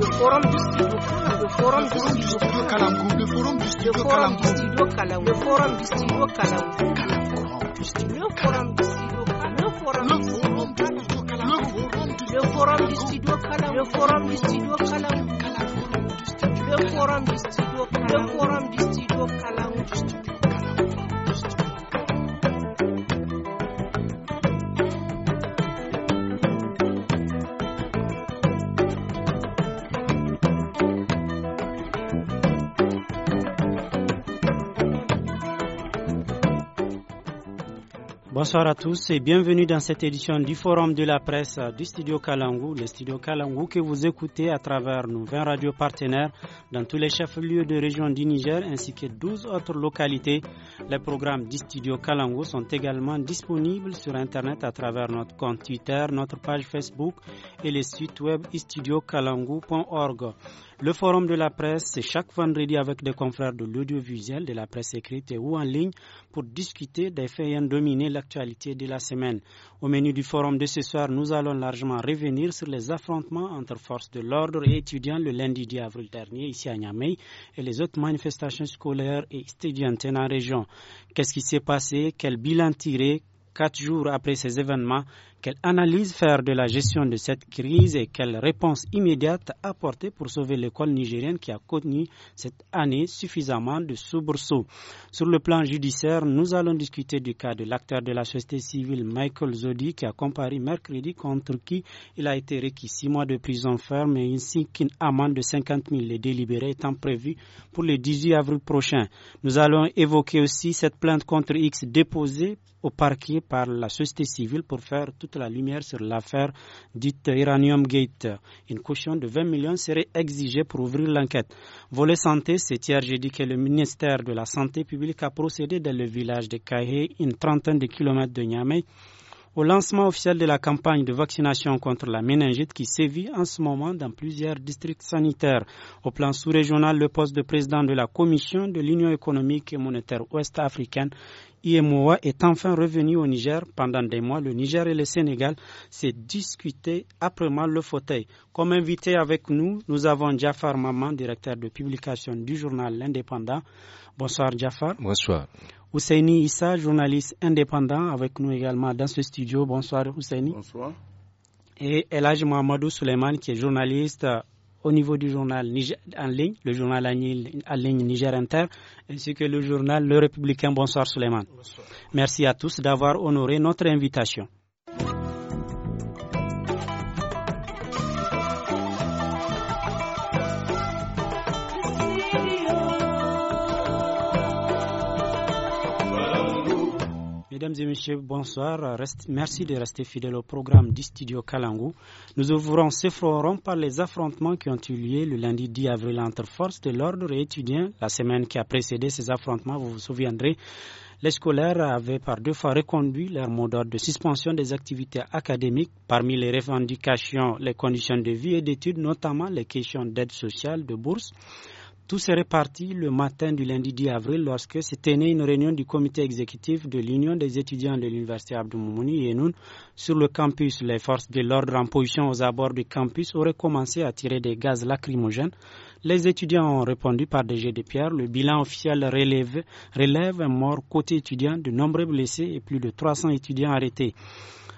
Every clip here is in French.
le forum du studio le forum du le forum du studio Kalamkou le forum du studio Kalamkou le forum du le forum du le forum du le forum du le forum du Bonsoir à tous et bienvenue dans cette édition du Forum de la presse du studio Kalangou, le studio Kalangou que vous écoutez à travers nos 20 radios partenaires dans tous les chefs-lieux de région du Niger ainsi que 12 autres localités. Les programmes du studio Kalangu sont également disponibles sur Internet à travers notre compte Twitter, notre page Facebook et le site web studiokalangou.org. Le forum de la presse, c'est chaque vendredi avec des confrères de l'audiovisuel, de la presse écrite ou en ligne pour discuter des faits ayant dominé l'actualité de la semaine. Au menu du forum de ce soir, nous allons largement revenir sur les affrontements entre forces de l'ordre et étudiants le lundi 10 avril dernier ici à Niamey et les autres manifestations scolaires et étudiantes en région. Qu'est-ce qui s'est passé? Quel bilan tiré? Quatre jours après ces événements, quelle analyse faire de la gestion de cette crise et quelle réponse immédiate apporter pour sauver l'école nigérienne qui a connu cette année suffisamment de soubresauts Sur le plan judiciaire, nous allons discuter du cas de l'acteur de la société civile Michael Zodi qui a comparé mercredi contre qui il a été requis six mois de prison ferme et ainsi qu'une amende de 50 000 les délibérés étant prévue pour le 18 avril prochain. Nous allons évoquer aussi cette plainte contre X déposée au parquet par la société civile pour faire tout la lumière sur l'affaire dite Iranium Gate. Une caution de 20 millions serait exigée pour ouvrir l'enquête. Volet santé, c'est hier dit que le ministère de la Santé publique a procédé dans le village de Kahé, une trentaine de kilomètres de Niamey, au lancement officiel de la campagne de vaccination contre la méningite qui sévit en ce moment dans plusieurs districts sanitaires. Au plan sous-régional, le poste de président de la Commission de l'Union économique et monétaire ouest-africaine IMOA est enfin revenu au Niger pendant des mois. Le Niger et le Sénégal s'est discuté mal le fauteuil. Comme invité avec nous, nous avons Jafar Maman, directeur de publication du journal L'Indépendant. Bonsoir Jafar. Bonsoir. Ousseini Issa, journaliste indépendant, avec nous également dans ce studio. Bonsoir Ousseini. Bonsoir. Et Elaj Mohamedou Suleiman, qui est journaliste au niveau du journal en ligne, le journal en ligne, Niger Inter, ainsi que le journal Le Républicain. Bonsoir Suleiman. Merci à tous d'avoir honoré notre invitation. Mesdames et messieurs, bonsoir. merci de rester fidèles au programme du studio Kalangu. Nous ouvrons ce forum par les affrontements qui ont eu lieu le lundi 10 avril entre forces de l'ordre et étudiants. La semaine qui a précédé ces affrontements, vous vous souviendrez, les scolaires avaient par deux fois reconduit leur mode d'ordre de suspension des activités académiques. Parmi les revendications, les conditions de vie et d'études, notamment les questions d'aide sociale, de bourse. Tout s'est réparti le matin du lundi 10 avril lorsque se tenait une réunion du comité exécutif de l'Union des étudiants de l'Université Abdoumouni et nous, sur le campus. Les forces de l'ordre en position aux abords du campus auraient commencé à tirer des gaz lacrymogènes. Les étudiants ont répondu par des jets de pierre. Le bilan officiel relève, relève un mort côté étudiant, de nombreux blessés et plus de 300 étudiants arrêtés.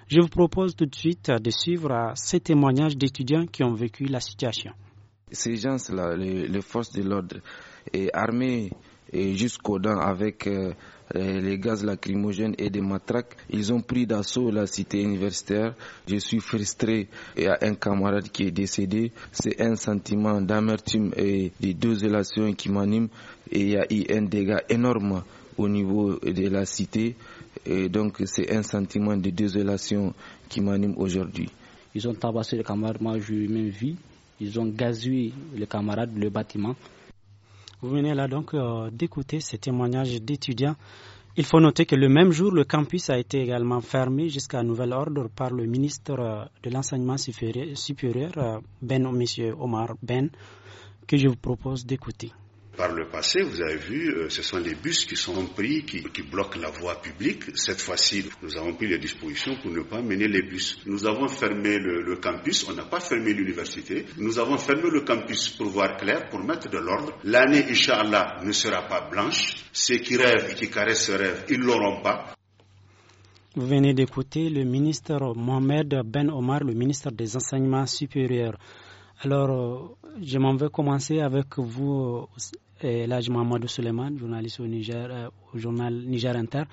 Je vous propose tout de suite de suivre euh, ces témoignages d'étudiants qui ont vécu la situation ces gens-là, les, forces de l'ordre, armés jusqu'aux dents avec euh, les gaz lacrymogènes et des matraques. Ils ont pris d'assaut la cité universitaire. Je suis frustré. Il y a un camarade qui est décédé. C'est un sentiment d'amertume et de désolation qui m'anime. Et il y a eu un dégât énorme au niveau de la cité. donc c'est un sentiment de désolation qui m'anime aujourd'hui. Ils ont tabassé le camarade, moi je même vis. Ils ont gazué les camarades, le bâtiment. Vous venez là donc euh, d'écouter ces témoignages d'étudiants. Il faut noter que le même jour, le campus a été également fermé jusqu'à nouvel ordre par le ministre euh, de l'Enseignement supérieur, euh, ben, M. Omar Ben, que je vous propose d'écouter. Par le passé, vous avez vu, euh, ce sont les bus qui sont pris, qui, bloquent la voie publique. Cette fois-ci, nous avons pris les dispositions pour ne pas mener les bus. Nous avons fermé le, campus, on n'a pas fermé l'université. Nous avons fermé le campus pour voir clair, pour mettre de l'ordre. L'année, Inch'Allah, ne sera pas blanche. Ceux qui rêvent et qui caressent ce rêve, ils l'auront pas. Vous venez d'écouter le ministre Mohamed Ben Omar, le ministre des Enseignements supérieurs. Alors, euh, je m'en veux commencer avec vous, euh, Elaj Mamadou Suleiman, journaliste euh, au, journal Niger Inter.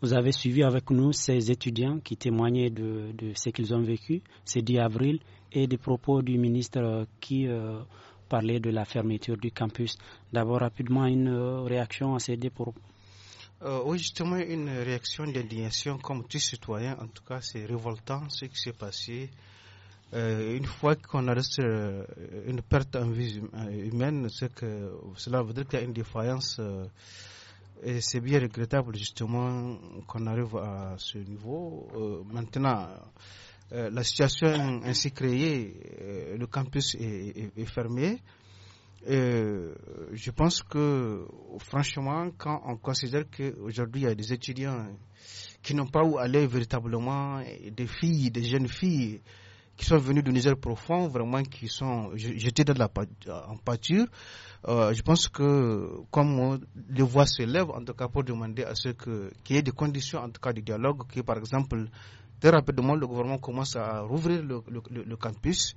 Vous avez suivi avec nous ces étudiants qui témoignaient de, ce qu'ils ont vécu ce 10 avril et des propos du ministre qui parlait de la fermeture du campus. D'abord, rapidement, une réaction à ces deux propos. oui, justement, une réaction d'indignation comme tous citoyens. En tout cas, c'est révoltant ce qui s'est passé euh, une fois qu'on a euh, une perte en vie hum, euh, humaine, que, cela veut dire qu'il y a une défaillance. et c'est bien regrettable justement qu'on arrive à ce niveau. maintenant, la situation ainsi créée, le campus est, fermé. je pense que, franchement, quand on considère qu'aujourd'hui, il y a des étudiants qui n'ont pas où aller véritablement, des filles, des jeunes filles, qui sont venus du Niger profond, vraiment qui sont jetés dans la, en pâture. Euh, je pense que comme les voix se lèvent, en tout cas pour demander à ce qu'il y ait des conditions en tout cas de dialogue, que par exemple très rapidement le gouvernement commence à rouvrir le, le, campus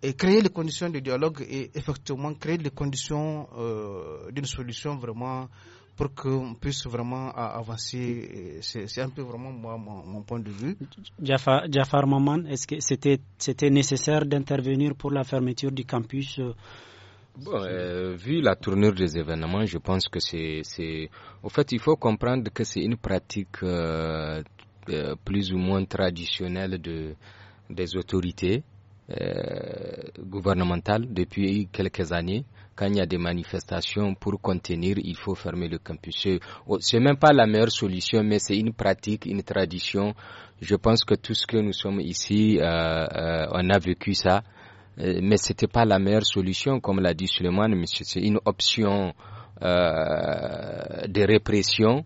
et créer les conditions de dialogue et effectivement créer les conditions euh, d'une solution vraiment pour qu'on puisse vraiment euh, avancer. C'est un peu vraiment mon, point de vue. Jafar, Maman, est-ce que c'était nécessaire d'intervenir pour la fermeture du campus euh? Bon, euh, vu la tournure des événements, je pense que c'est... Au fait, il faut comprendre que c'est une pratique plus ou moins traditionnelle de, des autorités euh, gouvernemental depuis quelques années. Quand il y a des manifestations pour contenir, il faut fermer le campus. n'est oh, même pas la meilleure solution, mais c'est une pratique, une tradition. Je pense que tout ce que nous sommes ici, euh, euh, on a vécu ça, mais c'était pas la meilleure solution, comme l'a dit Suleiman, mais c'est une option euh, de répression,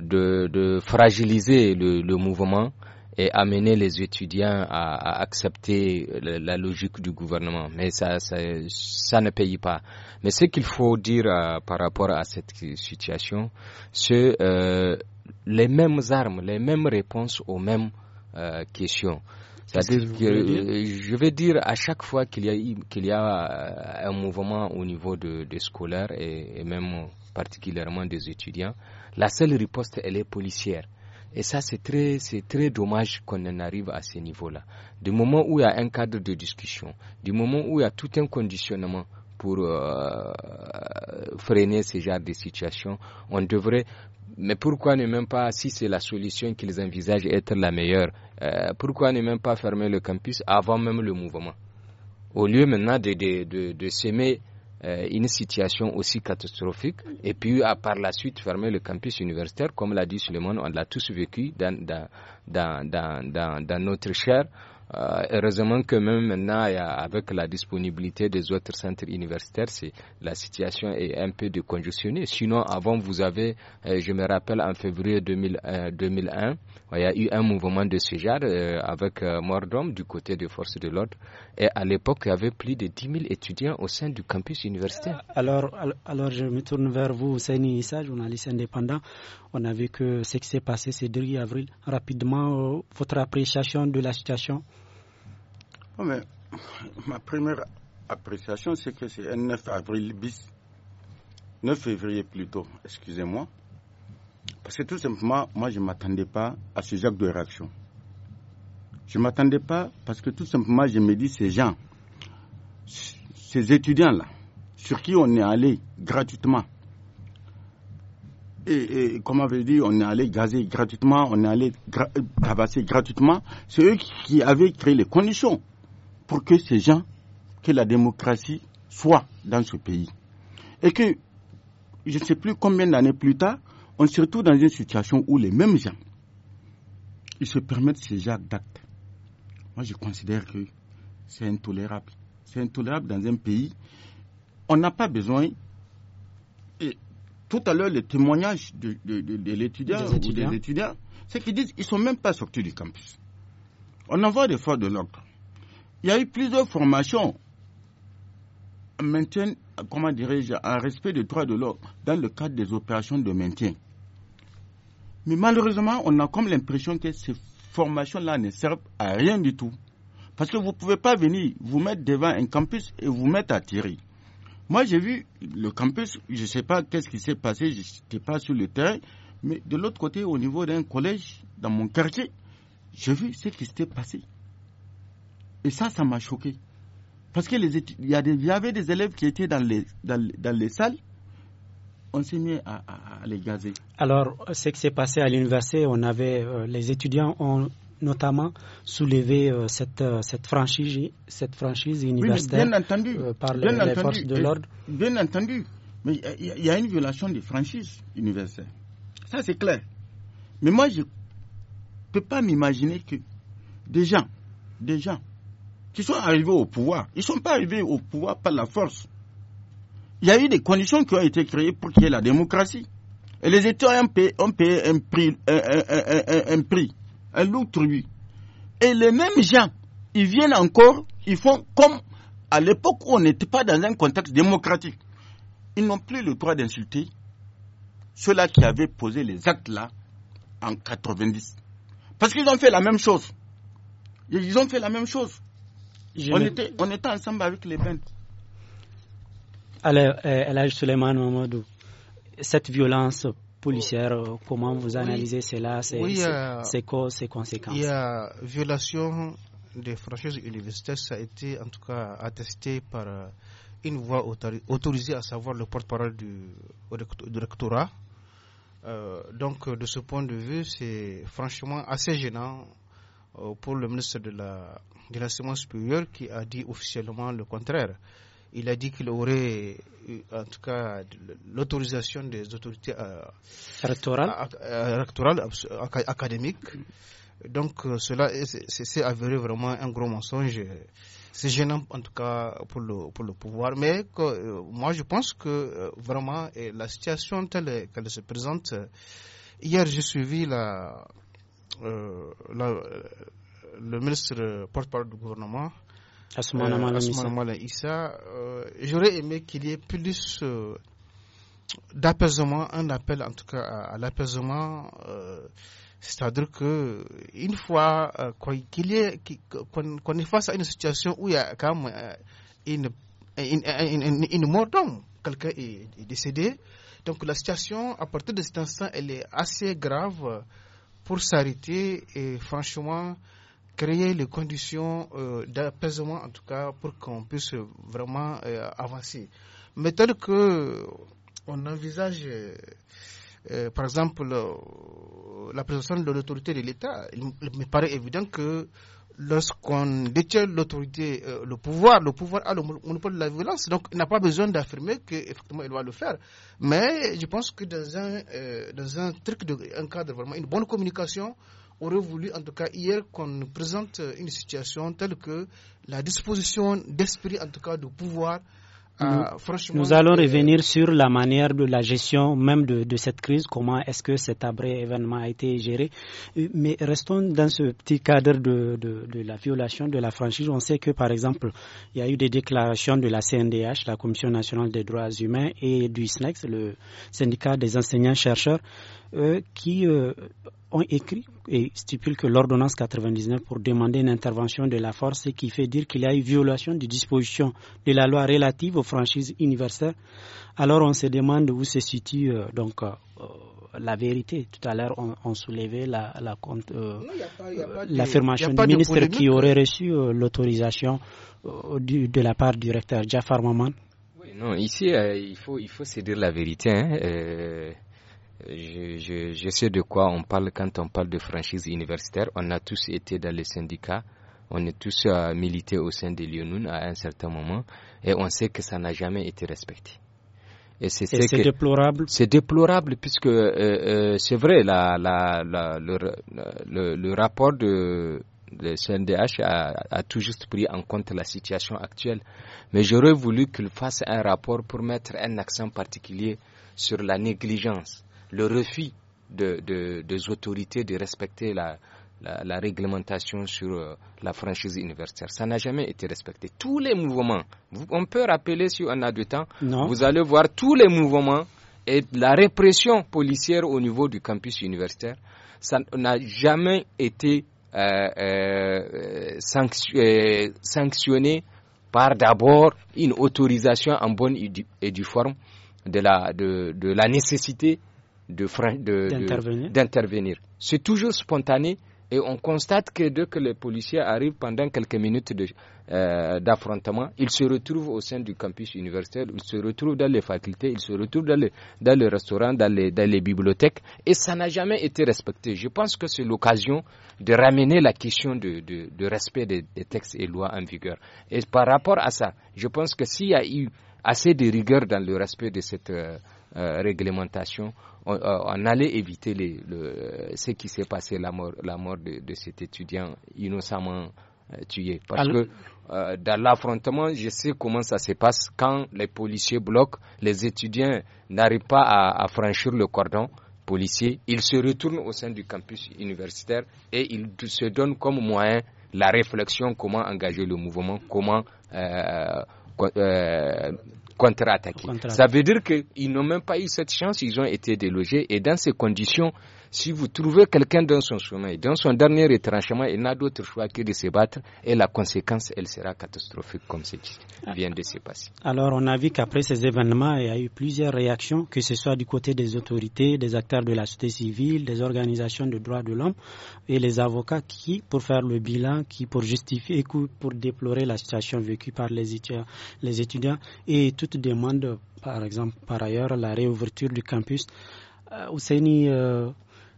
de, de fragiliser le mouvement et amener les étudiants à, accepter la, logique du gouvernement. Mais ça, ça, ne paye pas. Mais ce qu'il faut dire euh, par rapport à cette situation, c'est euh, les mêmes armes, les mêmes réponses aux mêmes euh, questions. C'est-à-dire que, je vais dire à chaque fois qu'il y a, a un mouvement au niveau des de scolaires et, et même particulièrement des étudiants, la seule riposte, elle est policière. Et ça, c'est très, c'est très dommage qu'on en arrive à ce niveau-là. Du moment où il y a un cadre de discussion, du moment où il y a tout un conditionnement pour euh, freiner ces genre de situation, on devrait. Mais pourquoi ne même pas, si c'est la solution qu'ils envisagent être la meilleure, euh, pourquoi ne même pas fermer le campus avant même le mouvement Au lieu maintenant de, de, de semer euh, une situation aussi catastrophique et puis à, par la suite fermer le campus universitaire. Comme l'a dit Suleiman, on l'a tous vécu dans, dans, dans, dans, dans notre chair. Euh, heureusement que même maintenant, avec la disponibilité des autres centres universitaires, la situation est un peu décongestionnée. Sinon, avant, vous avez, euh, je me rappelle, en février 2001, euh, il y a eu un mouvement de ce genre avec Mordom du côté des forces de l'ordre. Et à l'époque, il y avait plus de 10 000 étudiants au sein du campus universitaire. Alors, alors, alors je me tourne vers vous, Saini Issa, journaliste indépendant. On a vu que ce qui s'est passé ce 2 avril. Rapidement, euh, votre appréciation de la situation Ma première appréciation, c'est que c'est un 9 avril bis. 9 février plutôt, excusez-moi. Parce que tout simplement, moi, je ne m'attendais pas à ce genre de réaction. Je ne m'attendais pas parce que tout simplement, je me dis, ces gens, ces étudiants-là, sur qui on est allé gratuitement, et, comme on avait dit, on est allé gazer gratuitement, on est allé gra gratuitement. C'est eux qui avaient créé les conditions pour que ces gens, que la démocratie soit dans ce pays. Et que, je ne sais plus combien d'années plus tard, on se retrouve dans une situation où les mêmes gens, ils se permettent ces genre d'actes. Moi, je considère que c'est intolérable. C'est intolérable dans un pays. On n'a pas besoin tout à l'heure les témoignages de, l'étudiant ou des étudiants, c'est qu'ils disent qu'ils ne sont même pas sortis du campus. On en voit des fois de l'ordre. Il y a eu plusieurs formations en maintien, comment dirais-je, en respect des droits de l'ordre dans le cadre des opérations de maintien. Mais malheureusement, on a comme l'impression que ces formations-là ne servent à rien du tout. Parce que vous ne pouvez pas venir vous mettre devant un campus et vous mettre à tirer. Moi, j'ai vu le campus, je ne sais pas qu'est-ce qui s'est passé, je n'étais pas sur le terrain, mais de l'autre côté, au niveau d'un collège, dans mon quartier, j'ai vu ce qui s'était passé. Et ça, ça m'a choqué. Parce qu'il y, y avait des élèves qui étaient dans les, dans, dans les salles, on s'est mis à, les gazer. Alors, ce qui s'est passé à l'université, on avait euh, les étudiants ont notamment soulever euh, cette, euh, cette, franchise, cette franchise universelle euh, par les, forces de l'ordre. Bien entendu, mais il y, a une violation des franchises universelles. Ça, c'est clair. Mais moi, je ne peux pas m'imaginer que des gens, des gens qui sont arrivés au pouvoir, ils ne sont pas arrivés au pouvoir par la force. Il y a eu des conditions qui ont été créées pour qu'il y ait la démocratie. Et les États ont payé, un, un prix. Un l'autre Et les mêmes gens, ils viennent encore, ils font comme à l'époque où on n'était pas dans un contexte démocratique. Ils n'ont plus le droit d'insulter ceux-là qui avaient posé les actes là en 90. Parce qu'ils ont fait la même chose. Ils ont fait la même chose. On, était, ensemble avec les 20. Alors, euh, Suleiman Mamadou, cette violence policière, oh, euh, comment vous analysez cela, ses, causes, ses conséquences Il y a violation des franchises universitaires, ça a été en tout cas attesté par euh, une voix autorisée, à savoir le porte-parole du, du, rectorat. Euh, donc, de ce point de vue, c'est franchement assez gênant pour le ministre de la de supérieur qui a dit officiellement le contraire il a dit qu'il aurait eu, en tout cas l'autorisation des autorités rectorales, euh, rectorales euh, académiques. Donc euh, cela s'est avéré vraiment un gros mensonge. C'est gênant en tout cas pour le, pour pouvoir. Mais moi je pense que vraiment la situation telle qu'elle se présente, hier j'ai suivi le ministre porte-parole du gouvernement euh, euh, j'aurais aimé qu'il y ait plus euh, d'apaisement, un appel en tout cas à, l'apaisement. C'est-à-dire que une fois qu'on est face à une situation où il y a quand même une, mort d'homme, quelqu'un est, est, décédé, donc la situation à partir de cet instant, elle est assez grave pour s'arrêter et franchement, créer les conditions euh, d'apaisement, en tout cas, pour qu'on puisse vraiment euh, avancer. Mais tel que on envisage, euh, par exemple, la présence de l'autorité de l'État, il me paraît évident que lorsqu'on détient l'autorité, le pouvoir, le pouvoir a le monopole de la violence, donc il n'a pas besoin d'affirmer qu'effectivement il doit le faire. Mais je pense que dans un, dans un truc, de, un cadre vraiment, une bonne communication, aurait voulu, en tout cas hier, qu'on nous présente euh, une situation telle que la disposition d'esprit, en tout cas, de pouvoir. Euh, nous, nous allons euh, revenir sur la manière de la gestion même de, cette crise, comment est-ce que cet abré événement a été géré. Mais restons dans ce petit cadre de, de, la violation de la franchise. On sait que, par exemple, il y a eu des déclarations de la CNDH, la Commission nationale des droits humains, et du SNEX, le syndicat des enseignants-chercheurs, qui ont écrit et stipulent que l'ordonnance 99 pour demander une intervention de la force, ce qui fait dire qu'il y a eu violation des dispositions de la loi relative aux franchises universelles. Alors on se demande où se situe euh, donc euh, euh, la vérité. Tout à l'heure, on, soulevait la, l'affirmation du ministre qui aurait hein. reçu l'autorisation de la part du recteur Jafar Maman. Oui, non, ici il faut il faut se dire la vérité. Hein, je, je, sais de quoi on parle quand on parle de franchise universitaire. On a tous été dans les syndicats. On est tous milité euh, milités au sein de Lyonoun à un certain moment et on sait que ça n'a jamais été respecté. Et c'est déplorable. C'est déplorable puisque euh, euh, c'est vrai, la, la, le, le, rapport de, de CNDH a, a, tout juste pris en compte la situation actuelle. Mais j'aurais voulu qu'il fasse un rapport pour mettre un accent particulier sur la négligence le refus de, des autorités de respecter la, réglementation sur euh, la franchise universitaire. Ça n'a jamais été respecté. Tous les mouvements, on peut rappeler si on a du temps, vous allez voir tous les mouvements et la répression policière au niveau du campus universitaire, ça n'a jamais été euh, euh, sanctionné par d'abord une autorisation en bonne et due forme de la, de, de la nécessité d'intervenir. De, C'est toujours spontané et on constate que dès que les policiers arrivent pendant quelques minutes euh, d'affrontement, ils se retrouvent au sein du campus universitaire, ils se retrouvent dans les facultés, ils se retrouvent dans les, dans restaurants, dans les, dans les bibliothèques, et ça n'a jamais été respecté. Je pense que c'est l'occasion de ramener la question de, de, respect des, des textes et lois en vigueur. Et par rapport à ça, je pense que s'il y a eu assez de rigueur dans le respect de cette, euh, euh, réglementation, euh, on, allait éviter le, ce qui s'est passé, la mort, la mort de, cet étudiant innocemment euh, tué. Parce que dans l'affrontement, je sais comment ça se passe quand les policiers bloquent, les étudiants n'arrivent pas à, franchir le cordon policier, ils se retournent au sein du campus universitaire et ils se donnent comme moyen la réflexion comment engager le mouvement, comment euh, contre Ça veut dire qu'ils n'ont même pas eu cette chance, ils ont été délogés. Et dans ces conditions, si vous trouvez quelqu'un dans son sommeil, dans son dernier retranchement, il n'a d'autre choix que de se battre et la conséquence, elle sera catastrophique comme ce qui ah. vient de se passer. Alors, on a vu qu'après ces événements, il y a eu plusieurs réactions, que ce soit du côté des autorités, des acteurs de la société civile, des organisations de droits de l'homme et les avocats qui, pour faire le bilan, qui pour justifier, pour déplorer la situation vécue par les étudiants, et toutes demande, par exemple, par ailleurs, la réouverture du campus. Euh, Ousseini, euh,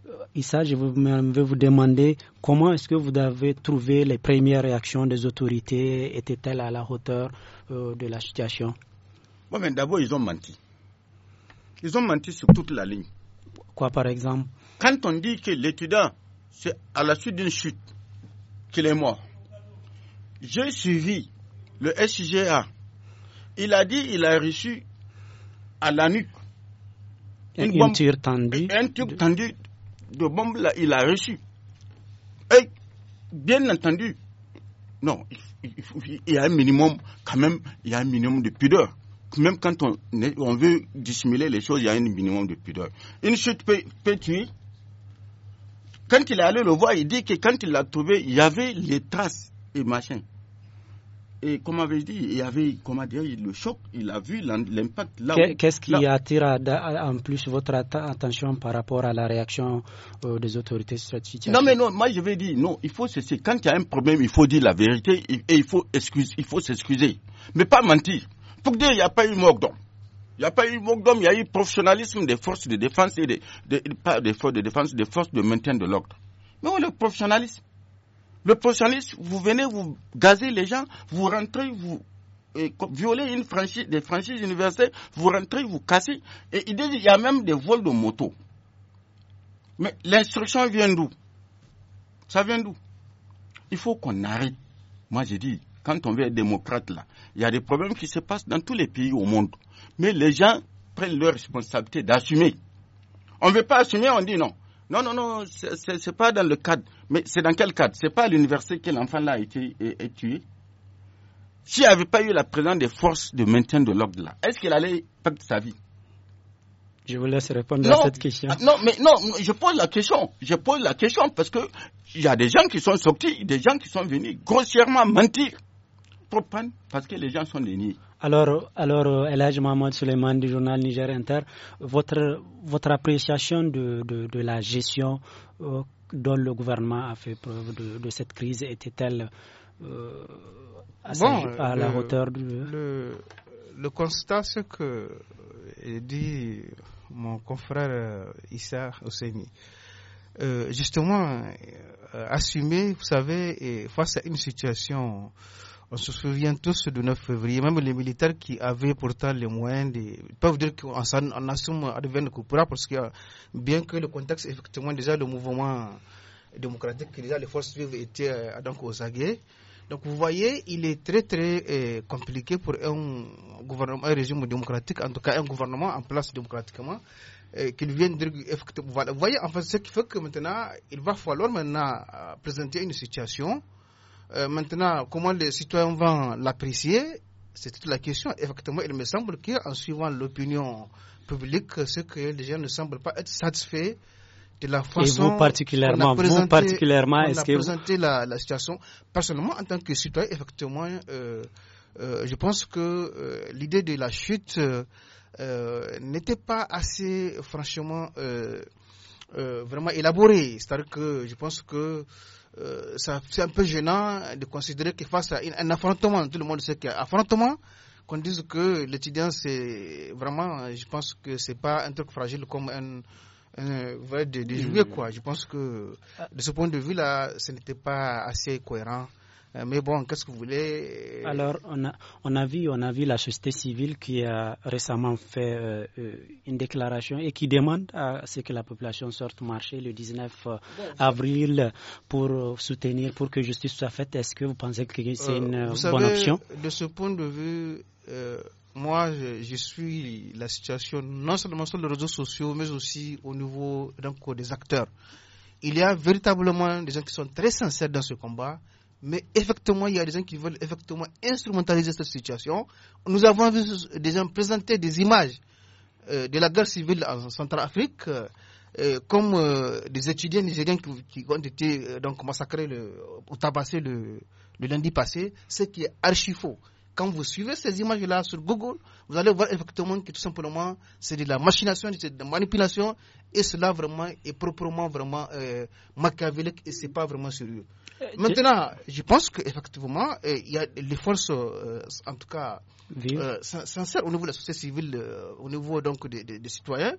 euh, Issa, je vais vous demander comment est-ce que vous avez trouvé les premières réactions des autorités Étaient-elles à la hauteur euh, de la situation D'abord, ils ont menti. Ils ont menti sur toute la ligne. Quoi, par exemple Quand on dit que l'étudiant, c'est à la suite d'une chute qu'il est mort, j'ai suivi le SGA. Il a dit qu'il a reçu à la nuque une, un tendu de bombe il a reçu. Et bien entendu, non, il, y a un minimum, quand même, il y a un minimum de pudeur. Même quand on, veut dissimuler les choses, il y a un minimum de pudeur. Une chute peut, Quand il est allé le voir, il dit que quand il l'a trouvé, il y avait les traces et machin et comme avait dit, il y avait dire, le choc, il a vu l'impact là. Qu'est-ce qui attire en plus votre attention par rapport à la réaction euh, des autorités sur cette situation Non, mais non, moi je vais dire, non, il faut cesser. Quand il y a un problème, il faut dire la vérité et, il faut il faut s'excuser, mais pas mentir. Pour dire, il n'y a pas eu mort d'homme. Il n'y a pas eu mort d'homme, il y a eu professionnalisme des forces de défense et des, pas des forces de défense, des forces de maintien de l'ordre. Mais où le professionnalisme le socialiste, vous venez, vous gazer les gens, vous rentrez, vous euh, violez une franchise, des franchises universitaires, vous rentrez, vous cassez. Et il y a même des vols de moto. Mais l'instruction vient d'où Ça vient d'où Il faut qu'on arrête. Moi, j'ai dit, quand on veut être démocrate, là, il y a des problèmes qui se passent dans tous les pays au monde. Mais les gens prennent leur responsabilité d'assumer. On ne veut pas assumer, on dit non. Non, non, non, ce n'est pas dans le cadre. Mais c'est dans quel cadre Ce n'est pas à l'université que l'enfant-là a été tué. S'il n'y avait pas eu la présence des forces de maintien de l'ordre là, est-ce qu'il allait perdre sa vie Je vous laisse répondre à cette question. Ah, non, mais non, je pose la question. Je pose la question parce qu'il y a des gens qui sont sortis, des gens qui sont venus grossièrement mentir parce que les gens sont des Alors, alors euh, Elhaj Mohamed Suleiman du journal Niger Inter, votre, votre appréciation de, la gestion euh, dont le gouvernement a fait preuve de, cette crise était-elle euh, à, la hauteur du... Le, constat, ce que dit mon confrère Issa Ousseini, justement, assumer, vous savez, face à une situation on se souvient tous du 9 février, même les militaires qui avaient pourtant les moyens, peuvent dire qu'on assume à devenir coupera parce que bien que le contexte, effectivement, déjà le mouvement démocratique, déjà les forces vives étaient euh, donc aux Donc vous voyez, il est très très euh, compliqué pour un, gouvernement, un régime démocratique, en tout cas un gouvernement en place démocratiquement, euh, qu'il vienne dire effectivement. Vous voyez, en fait, ce qui fait que maintenant, il va falloir maintenant présenter une situation euh, maintenant, comment les citoyens vont l'apprécier C'est toute la question. Effectivement, il me semble qu'en suivant l'opinion publique, ce que les gens ne semblent pas être satisfaits de la façon Et vous particulièrement, présenté, vous particulièrement, la, la, situation. Personnellement, en tant que citoyen, effectivement, euh, euh, je pense que l'idée de la chute n'était pas assez, franchement, vraiment élaborée. C'est-à-dire que je pense que euh, ça c'est un peu gênant de considérer que face à un affrontement, tout le monde sait qu'il y a affrontement, qu'on dise que l'étudiant, c'est vraiment, je pense que c'est pas un truc fragile comme un, de, de mm. jouer, quoi. Je pense que de ce point de vue-là, ce n'était pas assez cohérent. Euh, mais bon, qu'est-ce que vous voulez euh, Alors, on a, on a, vu, la société civile qui a récemment fait euh, une déclaration et qui demande à ce que la population sorte marché le 19 avril pour soutenir, pour que justice soit faite. Est-ce que vous pensez que c'est une bonne option De ce point de vue, moi, je, suis la situation non seulement sur les réseaux sociaux, mais aussi au niveau des acteurs. Il y a véritablement des gens qui sont très sincères dans ce combat mais effectivement, il y a des gens qui veulent effectivement instrumentaliser cette situation. Nous avons vu des gens présenter des images euh, de la guerre civile en Centrafrique, euh, euh comme euh, des étudiants nigériens qui, qui ont été donc massacrés ou tabassés le, lundi passé, ce qui est archi faux. Quand vous suivez ces images-là sur Google, vous allez voir effectivement que tout simplement c'est de la machination, c'est de la manipulation et cela vraiment est proprement vraiment euh, machiavélique et c'est pas vraiment sérieux. Euh, maintenant, je pense qu'effectivement, euh, il y a les forces, en tout cas, sincères au niveau de la société civile, au niveau donc des citoyens,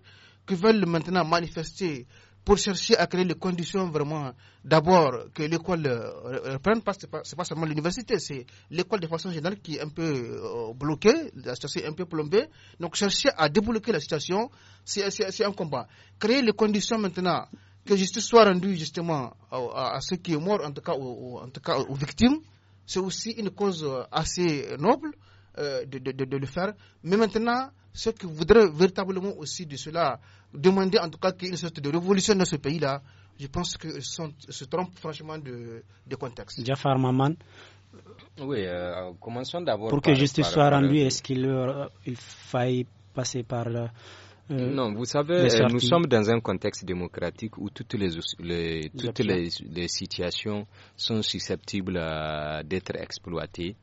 qui veulent maintenant manifester pour chercher à créer les conditions vraiment, d'abord, que l'école euh, reprenne, parce que ce n'est pas seulement l'université, c'est l'école de façon générale qui est un peu euh, bloquée, la situation est un peu plombée. Donc, chercher à débloquer la situation, c'est un combat. Créer les conditions maintenant que justice soit rendue justement à, à, ceux qui sont morts, en tout cas aux, en tout cas aux victimes, c'est aussi une cause euh, assez noble de, de, de, de, le faire. Mais maintenant, ceux qui voudraient véritablement aussi de cela demander en tout cas qu'il y ait une sorte de révolution dans ce pays-là, je pense qu'ils se trompent franchement de, contexte. Jafar Maman. Oui, euh, commençons d'abord. Pour que justice soit rendue, est-ce qu'il euh, il faille passer par le. Euh, non, vous savez, nous sommes dans un contexte démocratique où toutes les, toutes les, les, situations sont susceptibles d'être exploitées,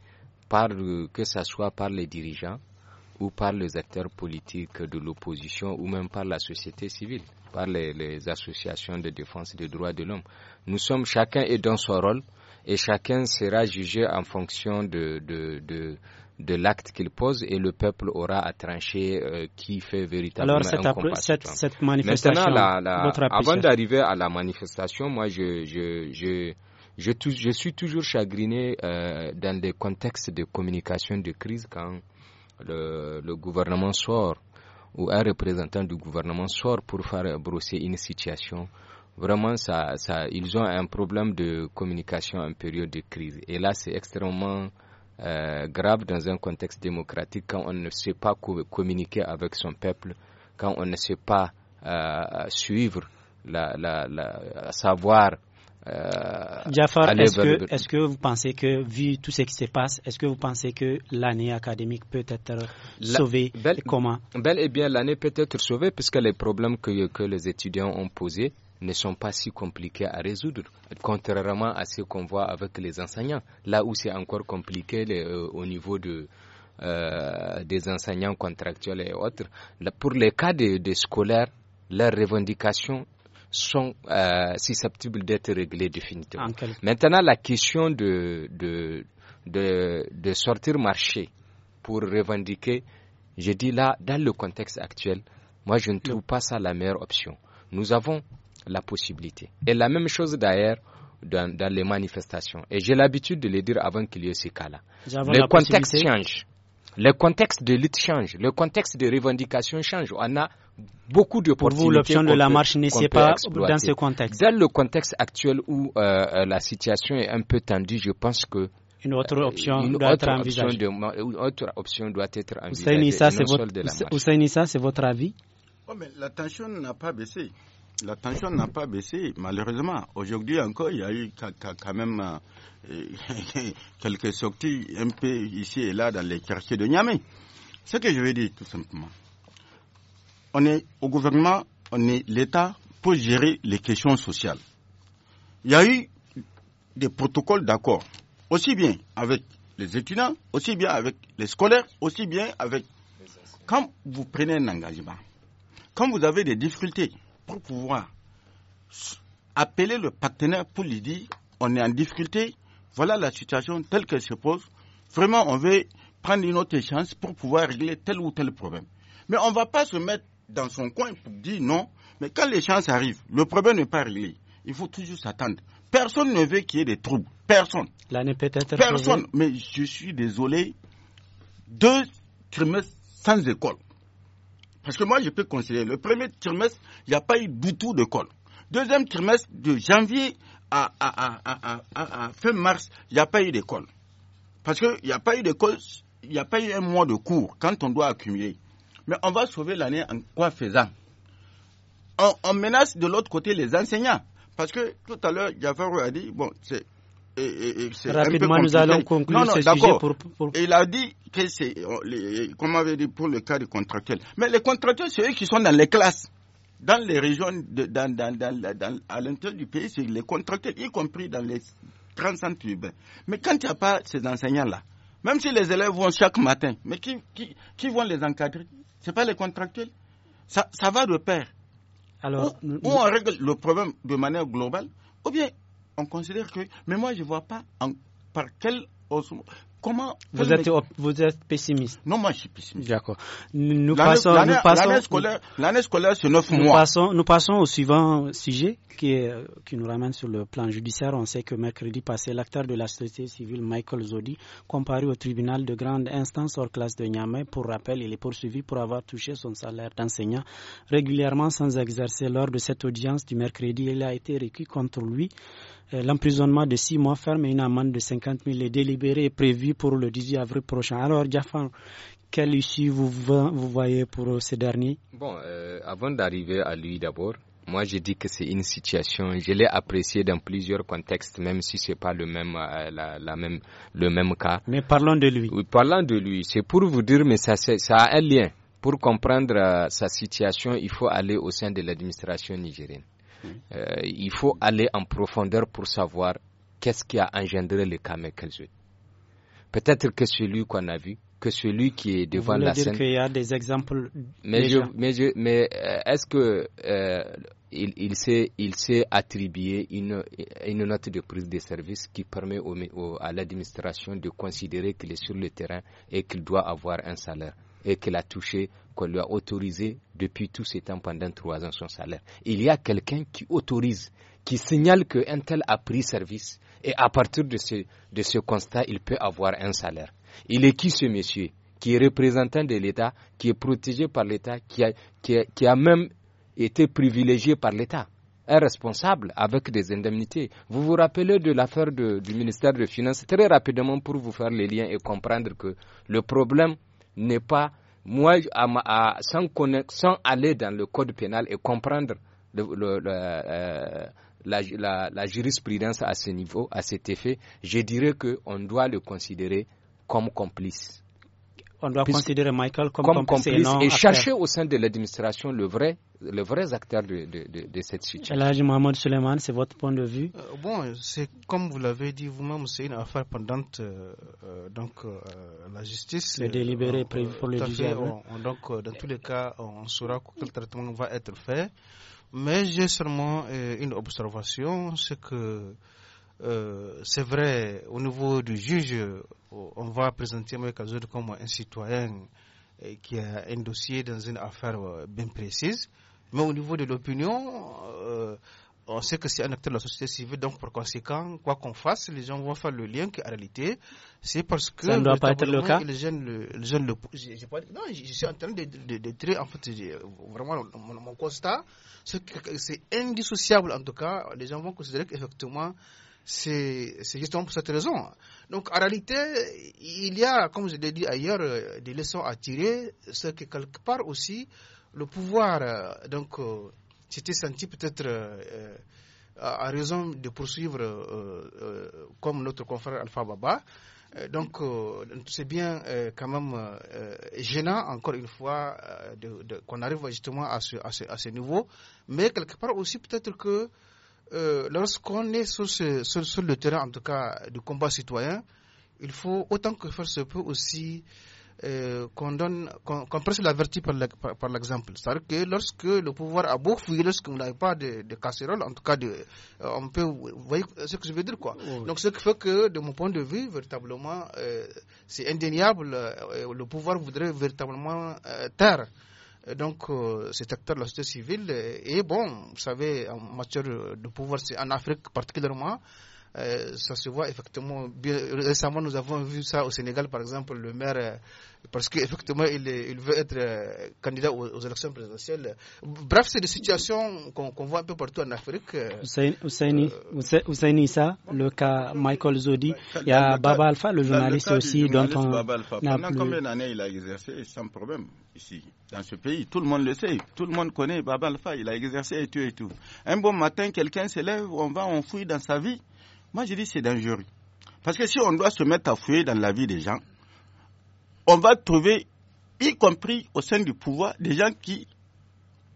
par, que ce soit par les dirigeants, ou par les acteurs politiques de l'opposition ou même par la société civile, par les, associations de défense des droits de l'homme. Nous sommes chacun est dans son rôle et chacun sera jugé en fonction de, de, l'acte qu'il pose et le peuple aura à trancher euh, qui fait véritablement un combat, cette, cette manifestation, avant d'arriver à la manifestation, moi, je, je, je je, je, suis toujours chagriné euh, dans des contextes de communication de crise quand le, gouvernement sort ou un représentant du gouvernement sort pour faire brosser une situation, vraiment, ça, ils ont un problème de communication en période de crise. Et là, c'est extrêmement euh, grave dans un contexte démocratique quand on ne sait pas communiquer avec son peuple, quand on ne sait pas euh, suivre, la, savoir euh, Jafar, est-ce que, vous pensez que, vu tout ce qui se passe, est-ce que vous pensez que l'année académique peut être sauvée Comment Bel et bien, l'année peut être sauvée puisque les problèmes que, les étudiants ont posés ne sont pas si compliqués à résoudre, contrairement à ce qu'on voit avec les enseignants. Là où c'est encore compliqué euh, au niveau de, euh, des enseignants contractuels et autres, pour les cas des de scolaires, leurs revendications sont euh, susceptibles d'être réglés définitivement. Maintenant, la question de, de, de, de sortir marché pour revendiquer, je dis là, dans le contexte actuel, moi je ne trouve pas ça la meilleure option. Nous avons la possibilité. Et la même chose d'ailleurs dans, dans, les manifestations. Et j'ai l'habitude de le dire avant qu'il y ait ces cas-là. Le contexte change. Le contexte de lutte change, le contexte de revendication change. On a beaucoup de Pour vous, l'option de la marche n'est pas dans ce contexte. Dans le contexte actuel où euh, la situation est un peu tendue, je pense que une autre euh, option doit être envisagée. De, c'est votre, avis oh, mais La tension n'a pas baissé. La tension n'a pas baissé, malheureusement. Aujourd'hui encore, il y a eu quand même euh, quelques sorties un peu ici et là dans les quartiers de Niamey. Ce que je veux dire tout simplement, on est au gouvernement, on est l'État pour gérer les questions sociales. Il y a eu des protocoles d'accord, aussi bien avec les étudiants, aussi bien avec les scolaires, aussi bien avec... Quand vous prenez un engagement, quand vous avez des difficultés, pour pouvoir appeler le partenaire pour lui dire on est en difficulté, voilà la situation telle qu'elle se pose. Vraiment, on veut prendre une autre chance pour pouvoir régler tel ou tel problème. Mais on ne va pas se mettre dans son coin pour dire non. Mais quand les chances arrivent, le problème n'est pas réglé. Il faut toujours s'attendre. Personne ne veut qu'il y ait des troubles. Personne. peut Personne. Mais je suis désolé. Deux trimestres sans école. Parce que moi, je peux considérer, le premier trimestre, il n'y a pas eu du tout d'école. Deuxième trimestre, de janvier à, fin mars, il n'y a pas eu d'école. Parce qu'il n'y a pas eu d'école, il n'y a pas eu un mois de cours quand on doit accumuler. Mais on va sauver l'année en quoi faisant on, menace de l'autre côté les enseignants. Parce que tout à l'heure, Jafar a dit, bon, c'est Rapidement, nous allons conclure ce sujet Il a dit que c'est, comme on avait dit, pour le cas des contractuels. Mais les contractuels, c'est eux qui sont dans les classes. Dans les régions, de, dans, dans, dans, à l'intérieur du pays, c'est les contractuels, y compris dans les 30 centres Mais quand il n'y a pas ces enseignants-là, même si les élèves vont chaque matin, mais qui, qui, vont les encadrer c'est pas les contractuels. Ça, ça va de pair. Alors, ou on règle le problème de manière globale, ou bien on considère que. Mais moi, je ne vois pas par quel. Comment vous êtes, vous êtes pessimiste Non, moi je suis pessimiste. D'accord. Nous passons. L'année scolaire, c'est 9 mois. nous passons au suivant sujet euh, qui, nous ramène sur le plan judiciaire. On sait que mercredi passé, l'acteur de la société civile Michael Zodi, comparu au tribunal de grande instance hors classe de Niamey, pour rappel, il est poursuivi pour avoir touché son salaire d'enseignant régulièrement sans exercer. Lors de cette audience du mercredi, il a été requis contre lui euh, l'emprisonnement de six mois ferme et une amende de 50 000 est délibérée et prévue pour le 18 avril prochain. Alors, Jafar, quelle issue vous, voyez pour euh, ce dernier Bon, euh, avant d'arriver à lui d'abord, moi je dis que c'est une situation, je l'ai appréciée dans plusieurs contextes, même si ce n'est pas le même, la, même, le même cas. Mais parlons de lui. Oui, parlons de lui. C'est pour vous dire, mais ça, ça a un lien. Pour comprendre sa situation, il faut aller au sein de l'administration nigérienne. Euh, il faut aller en profondeur pour savoir qu'est-ce qui a engendré le Kamekelzut. Peut-être que celui qu'on a vu, que celui qui est devant Vous la dire qu'il y a des exemples. Mais, mais, euh, est-ce que euh, il, s'est il attribué une une note de prise de service qui permet au, à l'administration de considérer qu'il est sur le terrain et qu'il doit avoir un salaire et qu'elle a touché, qu'on lui a autorisé depuis tout ce temps pendant trois ans son salaire. Il y a quelqu'un qui autorise, qui signale qu'un tel a pris service et à partir de ce, de ce constat, il peut avoir un salaire. Il est qui ce monsieur qui est représentant de l'État, qui est protégé par l'État, qui a, qui, a, qui a même été privilégié par l'État un responsable avec des indemnités. Vous vous rappelez de l'affaire du ministère des Finances très rapidement pour vous faire les liens et comprendre que le problème n'est pas, moi, sans, aller dans le code pénal et comprendre euh, la, la, jurisprudence à ce niveau, à cet effet, je dirais qu'on doit le considérer comme complice on doit considérer Michael comme, comme complice, et, chercher au sein de l'administration le vrai le vrai acteur de, de, de, cette situation. Mohamed Suleiman, c'est votre point de vue euh, Bon, c'est comme vous l'avez dit vous-même, c'est une affaire pendante, euh, euh, donc la justice. Le délibéré prévu pour le juge. Hein. donc, dans tous les cas, on saura quel traitement va être fait. Mais j'ai seulement une observation, c'est que euh, c'est vrai, au niveau du juge, euh, on va présenter Moïkazoud comme un citoyen euh, qui a un dossier dans une affaire bien précise. Mais au niveau de l'opinion, on sait que c'est un acteur de la société civile, donc par conséquent, quoi qu'on fasse, les gens vont faire le lien en réalité, c'est parce que. Ça ne doit pas être le cas. Les jeunes non, je suis en train de, en fait, vraiment, mon, constat, c'est c'est indissociable, en tout cas, les gens vont considérer qu'effectivement, c'est justement pour cette raison. Donc, en réalité, il y a, comme je l'ai dit ailleurs, euh, des leçons à tirer. ce que quelque part aussi, le pouvoir, euh, donc, euh, s'était senti peut-être à raison de poursuivre, comme notre confrère Alpha Baba. Donc, c'est bien quand même gênant, encore une fois, qu'on arrive justement à ce, à, ce, à ce niveau. Mais quelque part aussi, peut-être que euh, lorsqu'on est sur, le terrain, en tout cas, du combat citoyen, il faut autant que faire se peut aussi euh, qu'on donne, qu'on presse la par l'exemple. C'est-à-dire que lorsque le pouvoir a beau fouiller, vous n'avez pas de, casserole, en tout cas, euh, on peut, vous voyez ce que je veux dire, quoi. Donc, ce qui fait que, de mon point de vue, véritablement, c'est indéniable, le pouvoir voudrait véritablement taire euh, donc euh, cet acteur de la société civile. Et bon, vous savez, en matière de pouvoir, en Afrique particulièrement, euh, ça se voit effectivement. Récemment, nous avons vu ça au Sénégal, par exemple, le maire, euh, parce qu'effectivement, il, il, veut être euh, candidat aux, élections présidentielles. Bref, c'est des situations qu'on voit un peu partout en Afrique. Ousseini ça, le cas Michael Zodi, il y a Baba Alpha, le journaliste aussi, dont on. Baba Alpha. Pendant combien d'années il a exercé sans problème ici, dans ce pays Tout le monde le sait, tout le monde connaît Baba Alpha, il a exercé et tout et tout. Un bon matin, quelqu'un se lève, on va, on fouille dans sa vie. Moi, je dis c'est dangereux. Parce que si on doit se mettre à fouiller dans la vie des gens, on va trouver, y compris au sein du pouvoir, des gens qui,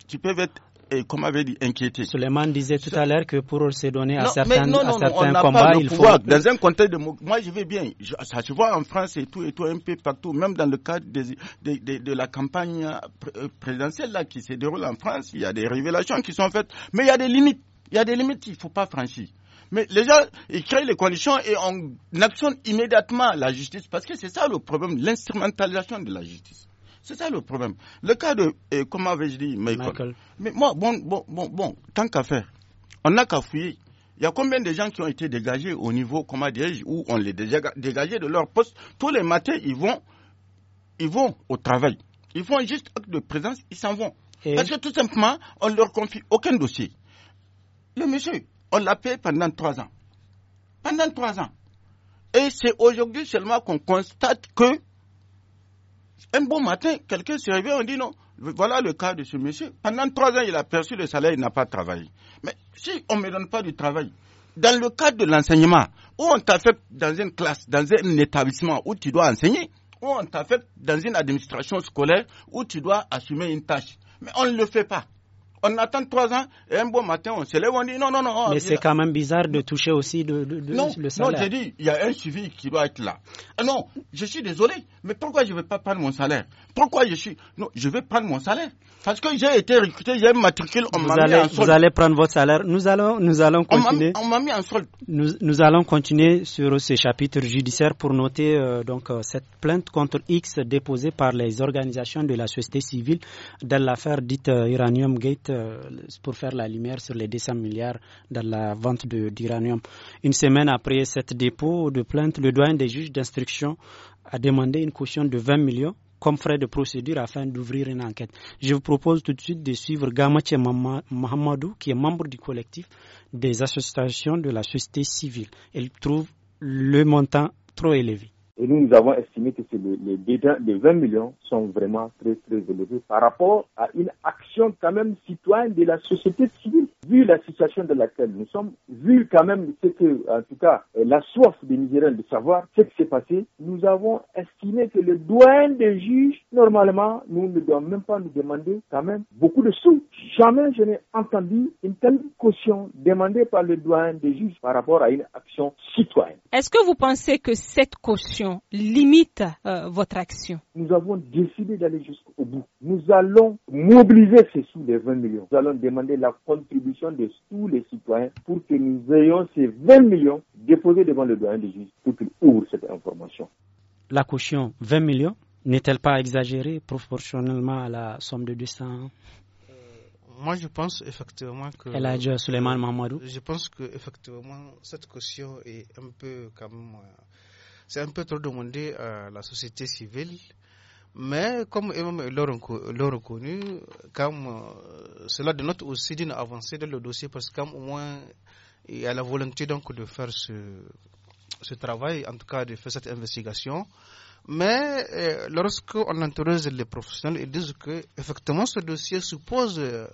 qui peuvent être et euh, comme avait dit, inquiétés. Suleiman disait tout à l'heure que pour se donner à certains, à certains combats, il faut. Dans un contexte de. Moi, je vais bien. ça se voit en France et tout, et tout, un peu partout, même dans le cadre de la campagne euh, euh, présidentielle là, qui se déroule en France. Il y a des révélations qui sont faites, mais il y a des limites. Il y a des limites qu'il ne faut pas franchir. Mais les gens, ils créent les conditions et on actionne immédiatement la justice parce que c'est ça le problème, l'instrumentalisation de la justice. C'est ça le problème. Le cas de, eh, comment avais-je dit, Michael. Mais moi, bon, bon, bon, bon tant qu'à faire, on n'a qu'à fouiller. Il y a combien de gens qui ont été dégagés au niveau, comment dirais-je, où on les dégagés de leur poste Tous les matins, ils vont, ils vont au travail. Ils font juste acte de présence, ils s'en vont. Parce que tout simplement, on ne leur confie aucun dossier. Le monsieur, on l'a fait pendant trois ans. Pendant trois ans. Et c'est aujourd'hui seulement qu'on constate que, un bon matin, quelqu'un se réveille, on dit non, voilà le cas de ce monsieur. Pendant trois ans, il a perçu le salaire, il n'a pas travaillé. Mais si on ne me donne pas du travail, dans le cadre de l'enseignement, où on t'affecte dans une classe, dans un établissement où tu dois enseigner, où on t'affecte dans une administration scolaire où tu dois assumer une tâche. Mais on ne le fait pas on attend trois ans et un bon matin, on se lève, on dit non, non, non. Oh, mais c'est quand même bizarre de toucher aussi de, le salaire. Non, j'ai dit, il y a un suivi qui doit être là. Ah non, je suis désolé, mais pourquoi je ne vais pas prendre mon salaire Pourquoi je suis. Non, je vais prendre mon salaire. Parce que j'ai été recruté, j'ai matriculé, on m'a mis en solde. Vous allez prendre votre salaire. Nous allons, nous allons continuer. On m'a mis en solde. Nous, nous, allons continuer sur ce chapitre judiciaire pour noter euh, donc euh, cette plainte contre X déposée par les organisations de la société civile dans l'affaire dite euh, Iranium Gate euh, pour faire la lumière sur les 200 milliards dans la vente d'uranium. Une semaine après cette dépôt de plainte, le doyen des juges d'instruction a demandé une caution de 20 millions comme frais de procédure afin d'ouvrir une enquête. Je vous propose tout de suite de suivre Gamache Mahamadou, qui est membre du collectif des associations de la société civile. Elle trouve le montant trop élevé. Et nous, nous avons estimé que les, les de 20 millions sont vraiment très, très élevés par rapport à une action quand même citoyenne de la société civile. Vu la situation dans laquelle nous sommes, vu quand même c'est que, en tout cas, euh, la soif des Nigériens de savoir ce qui s'est passé, nous avons estimé que le douane des juges, normalement, nous ne devons même pas nous demander quand même beaucoup de sous. Jamais je n'ai entendu une telle caution demandée par le douane des juges par rapport à une action citoyenne. Est-ce que vous pensez que cette caution limite euh, votre action Nous avons décidé d'aller jusqu'au bout. Nous allons mobiliser ces sous des 20 millions. Nous allons demander la contribution de tous les citoyens pour que nous ayons ces 20 millions déposés devant le droit de justice pour qu'il ouvre cette information. La caution 20 millions n'est-elle pas exagérée proportionnellement à la somme de 200 euh, moi, je pense effectivement que. Elle a déjà Suleiman Mamadou. Je pense que effectivement cette caution est un peu comme c'est un peu trop demandé à la société civile. Mais comme eux-mêmes reconnu, euh, cela dénote aussi d'une avancée dans le dossier parce qu'au moins il y a la volonté donc de faire ce, ce travail, en tout cas de faire cette investigation. Mais euh, lorsqu'on interroge les professionnels, ils disent que effectivement ce dossier suppose euh,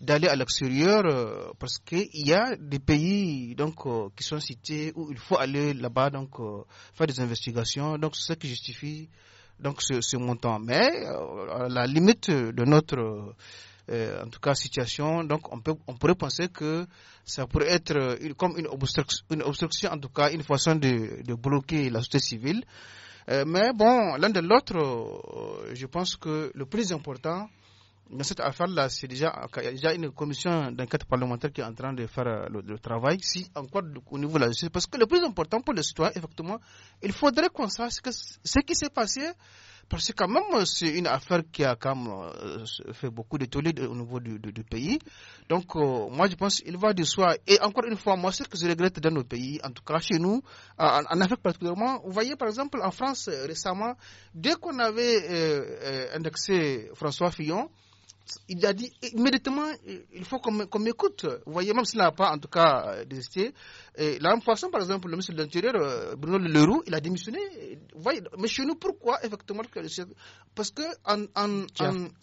d'aller à l'extérieur euh, parce qu'il y a des pays donc qui sont cités où il faut aller là-bas donc faire des investigations. Donc c'est ce qui justifie donc ce, montant. Mais à la limite de notre en tout cas situation, donc on peut on pourrait penser que ça pourrait être comme une obstruction, une obstruction en tout cas une façon de, de bloquer la société civile. Euh, mais bon, l'un de l'autre, euh, je pense que le plus important dans cette affaire-là, c'est déjà, une commission d'enquête parlementaire qui est en train de faire euh, le, travail, si encore au niveau de la justice. Parce que le plus important pour les citoyens, effectivement, il faudrait qu'on sache que ce qui s'est passé parce que quand même, euh, c'est une affaire qui a quand même euh, fait beaucoup de tollé au niveau du, pays. Donc, euh, moi, je pense qu'il va de soi. Et encore une fois, moi, ce que je regrette dans nos pays, en tout cas chez nous, en, Afrique particulièrement, vous voyez, par exemple, en France, récemment, dès qu'on avait indexé François Fillon, il a dit eh, immédiatement eh, il faut qu'on m'écoute. Vous voyez, même s'il n'a pas en tout cas euh, désisté. la même façon, par exemple, le ministre de l'Intérieur, euh, Bruno Leroux, il a démissionné. voyez, mais chez nous, pourquoi effectivement Parce que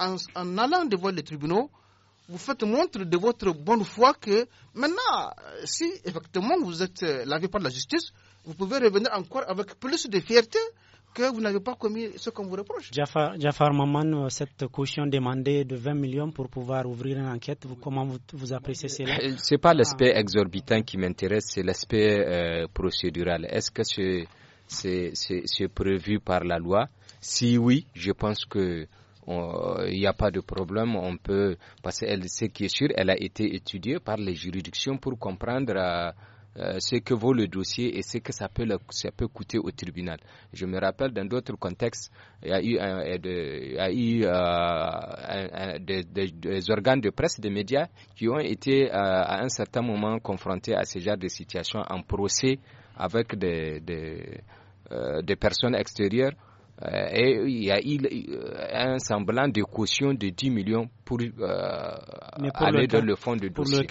allant devant les tribunaux, vous faites montre de votre bonne foi que maintenant, euh, si effectivement vous êtes lavé par la justice, vous pouvez revenir encore avec plus de fierté que vous n'avez pas commis ce qu'on vous reproche. Jafar, Maman, euh, cette caution demandée de 20 millions pour pouvoir ouvrir une enquête, vous, comment vous, appréciez euh, cela Ce n'est pas l'aspect ah. exorbitant qui m'intéresse, c'est l'aspect euh, procédural. Est-ce que c'est prévu par la loi Si oui, je pense que il n'y a pas de problème, on peut, parce que ce qui est sûr, elle a été étudiée par les juridictions pour comprendre euh, ce que vaut le dossier et ce que ça peut, ça peut coûter au tribunal. Je me rappelle dans d'autres contextes, il y a eu, des, organes de presse, des médias qui ont été euh, à un certain moment confrontés à ce genre de situation en procès avec des, des euh, personnes extérieures euh, et il y a euh, un semblant de caution de 10 millions pour, euh, aller dans le fond de dossier.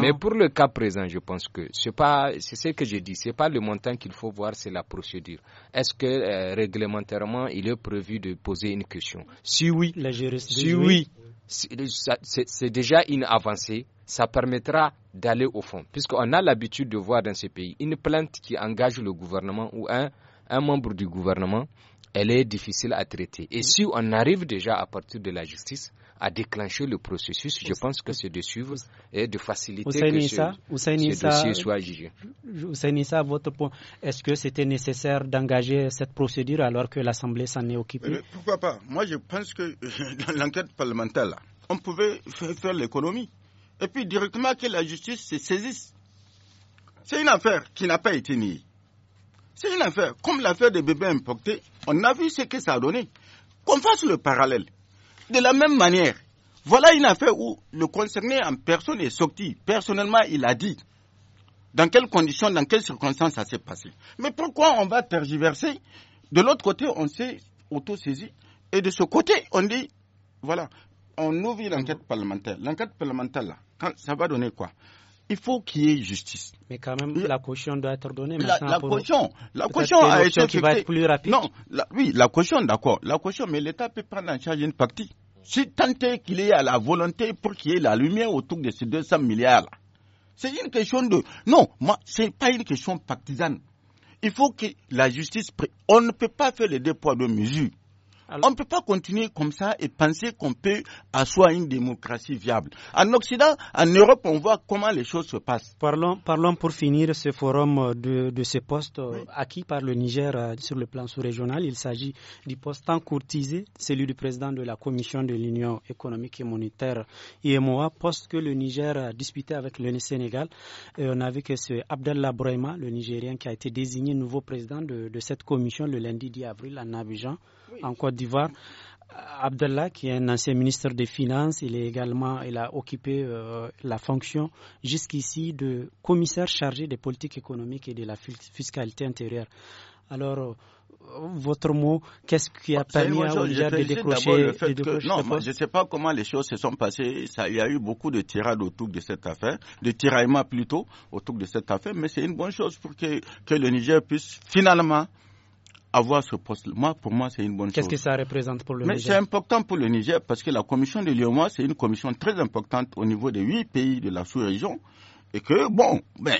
Mais pour le cas présent, je pense que c'est pas, c'est ce que j'ai dit, c'est pas le montant qu'il faut voir, c'est la procédure. Est-ce que réglementairement il est prévu de poser une question Si oui, si oui, c'est déjà une avancée. Ça permettra d'aller au fond, puisqu'on a l'habitude de voir dans ces pays une plainte qui engage le gouvernement ou un, un membre du gouvernement elle est difficile à traiter. Et mm. si on arrive déjà à partir de la justice à déclencher le processus, je pense que c'est de suivre et de faciliter que ce, dossier soit jugé. votre point, est-ce que c'était nécessaire d'engager cette procédure alors que l'Assemblée s'en est occupée euh, Pourquoi pas Moi, je pense que dans l'enquête parlementaire, on pouvait faire l'économie et puis directement que la justice se saisisse. C'est une affaire qui n'a pas été niée. C'est une affaire. Comme l'affaire des bébés importés, on a vu ce que ça a donné. Qu'on fasse le parallèle. De la même manière, voilà une affaire où le concerné en personne est sorti. Personnellement, il a dit dans quelles conditions, dans quelles circonstances ça s'est passé. Mais pourquoi on va tergiverser De l'autre côté, on s'est auto-saisi. Et de ce côté, on dit, voilà, on ouvre l'enquête parlementaire. L'enquête parlementaire, là, ça va donner quoi il faut qu'il y ait justice. Mais quand même, la caution doit être donnée. La, la caution, la caution a été qui va être plus rapide. Non, oui, la caution, d'accord, la caution, mais l'État peut prendre en charge une partie. Si tant est qu'il y a la volonté pour qu'il y ait la lumière autour de ces 200 milliards là, c'est une question de. Non, moi, n'est pas une question partisane. Il faut que la justice. On ne peut pas faire les deux poids deux mesures. On ne peut pas continuer comme ça et penser qu'on peut asseoir une démocratie viable. En Occident, en Europe, on voit comment les choses se passent. Parlons, parlons pour finir ce forum de, de ce poste euh, acquis par le Niger euh, sur le plan sous-régional. Il s'agit du poste tant courtisé, celui du président de la Commission de l'Union économique et monétaire, IMOA, poste que le Niger a disputé avec le Sénégal. Et on a vu que c'est Abdel Labroima, le Nigérien, qui a été désigné nouveau président de, de cette commission le lundi 10 avril à Abidjan en Côte d'Ivoire. Abdallah, qui est un ancien ministre des Finances, il est également, il a occupé euh, la fonction jusqu'ici de commissaire chargé des politiques économiques et de la fiscalité intérieure. Alors, euh, votre mot, qu'est-ce qui a permis à Niger de décrocher, Non, je ne sais pas comment les choses se sont passées. il y a eu beaucoup de tirades autour de cette affaire, de tiraillements plutôt autour de cette affaire, mais c'est une bonne chose pour que le Niger puisse finalement avoir ce poste. Moi, pour moi, c'est une bonne chose. Qu'est-ce que ça représente pour le Mais Niger c'est important pour le Niger parce que la commission de l'IOMA, c'est une commission très importante au niveau des huit pays de la sous-région. Et que, bon, ben,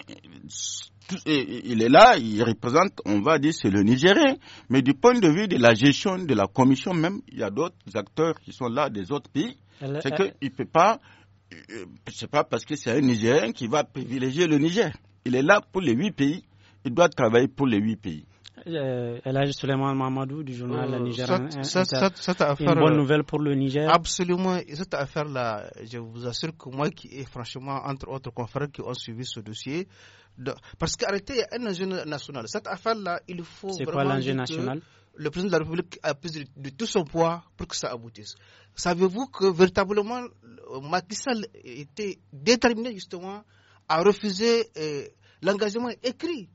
il est là, il représente, on va dire, c'est le Nigérien. Mais du point de vue de la gestion de la commission même, il y a d'autres acteurs qui sont là des autres pays. C'est qu'il ne peut pas, euh, c'est pas parce que c'est un Nigérien qui va privilégier le Niger. Il est là pour les huit pays. Il doit travailler pour les huit pays. Elle euh, Elage Suleiman Mamadou du journal euh, Niger. une bonne euh, nouvelle pour le Niger. Absolument. Cette affaire-là, je vous assure que moi, qui est franchement, entre autres confrères qui ont suivi ce dossier, il parce a un enjeu national. Cette affaire-là, il faut. C'est Le président de la République a pris de, tout son poids pour que ça aboutisse. Savez-vous que véritablement, Macky Sall était déterminé justement à refuser l'engagement écrit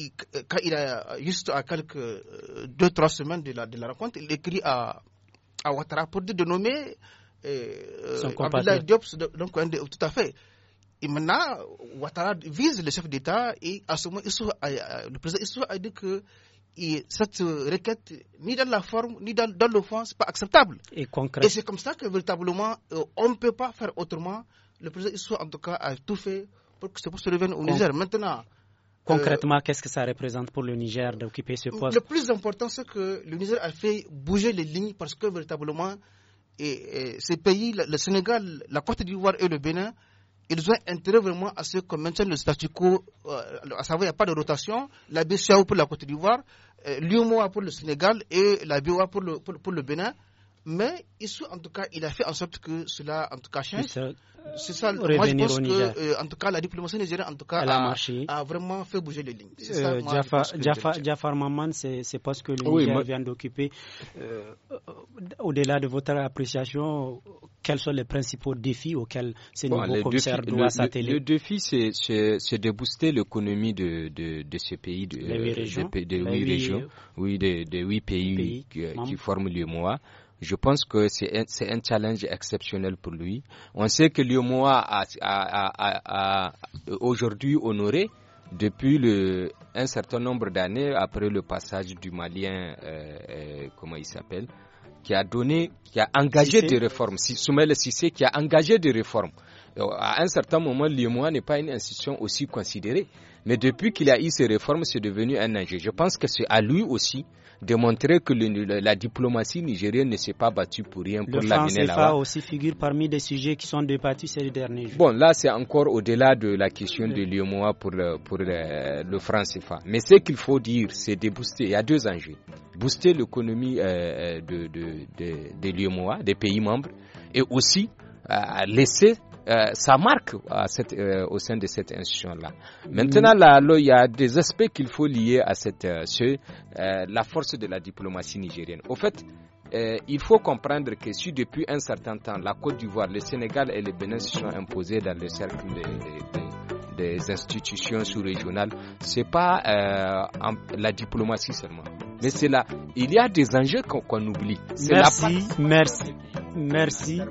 euh, quand il a euh, juste à quelques euh, deux trois semaines de la, de la rencontre, il écrit à, Ouattara pour dire de nommer euh, Diop, donc tout à fait. Et maintenant, Ouattara vise le chef d'État et à ce moment, le président a dit que cette requête, ni dans la forme, ni dans, dans le fond, n'est pas acceptable. Et, et c'est comme ça que véritablement, on ne peut pas faire autrement. Le président Issou, en tout cas, a tout fait pour que ce poste revienne au Niger. Maintenant, euh, Concrètement, qu'est-ce que ça représente pour le Niger d'occuper ce poste Le plus important, c'est que le Niger a fait bouger les lignes parce que véritablement, et, ces pays, le Sénégal, la Côte d'Ivoire et le Bénin, ils ont intérêt vraiment à ce qu'on maintienne le statu quo, euh, à savoir, il n'y a pas de rotation, la BCAO pour la Côte d'Ivoire, euh, l'UMOA pour le Sénégal et la BOA pour le, pour le Bénin. Mais en tout cas, il a fait en sorte que cela, en tout cas, change. C'est ça. Moi, je pense que, euh, en tout cas, la diplomatie nigérienne, en tout cas, a, vraiment fait bouger les lignes. Euh, Jafar Maman, c'est parce que le Niger vient d'occuper. Euh, au-delà de votre appréciation, quels sont les principaux défis auxquels ces nouveau nouveaux doit s'atteler le, défi, c'est de booster l'économie de, de, ce pays, de, huit régions, des, huit oui, des, huit pays, qui, forment le je pense que c'est un, challenge exceptionnel pour lui. On sait que l'IOMOA a, aujourd'hui honoré depuis un certain nombre d'années après le passage du Malien, euh, euh, comment il s'appelle, qui a donné, qui a engagé des réformes, Soumel Sissé, qui a engagé des réformes. Euh, à un certain moment, l'IMOA n'est pas une institution aussi considérée. Mais depuis qu'il a eu ces réformes, c'est devenu un enjeu. Je pense que c'est à lui aussi démontrer que la diplomatie nigérienne ne s'est pas battue pour rien le franc CFA hein. aussi figure parmi des sujets qui sont débattus ces derniers jours. Bon, là, c'est encore au-delà de la question de l'IOMOA pour, le, franc CFA. Mais ce qu'il faut dire, c'est de booster. Il y a deux enjeux. Booster l'économie euh, euh, de, de, des pays membres, et aussi euh, laisser euh, ça marque euh, euh, au sein de cette institution-là. Maintenant, là, il y a des aspects qu'il faut lier à cette, la force de la diplomatie nigérienne. Au fait, il faut comprendre que si depuis un certain temps, la Côte d'Ivoire, le Sénégal et le Bénin se sont imposés dans le cercle des, institutions sous-régionales, ce n'est pas la diplomatie seulement. Mais là, il y a des enjeux qu'on oublie. merci, merci, merci.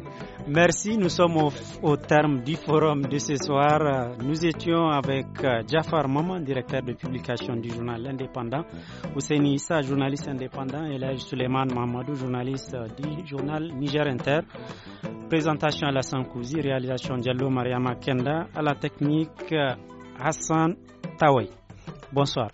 Merci, nous sommes au, terme du forum de ce soir. Nous étions avec euh, Jafar Maman, directeur de publication du journal indépendant, Ousseini Issa, journaliste indépendant, et Laj Suleiman Mamadou, journaliste euh, du journal Niger Inter. Présentation à la Sankouzi, réalisation Diallo Mariama Kenda, à la technique euh, Hassan Tawai. Bonsoir.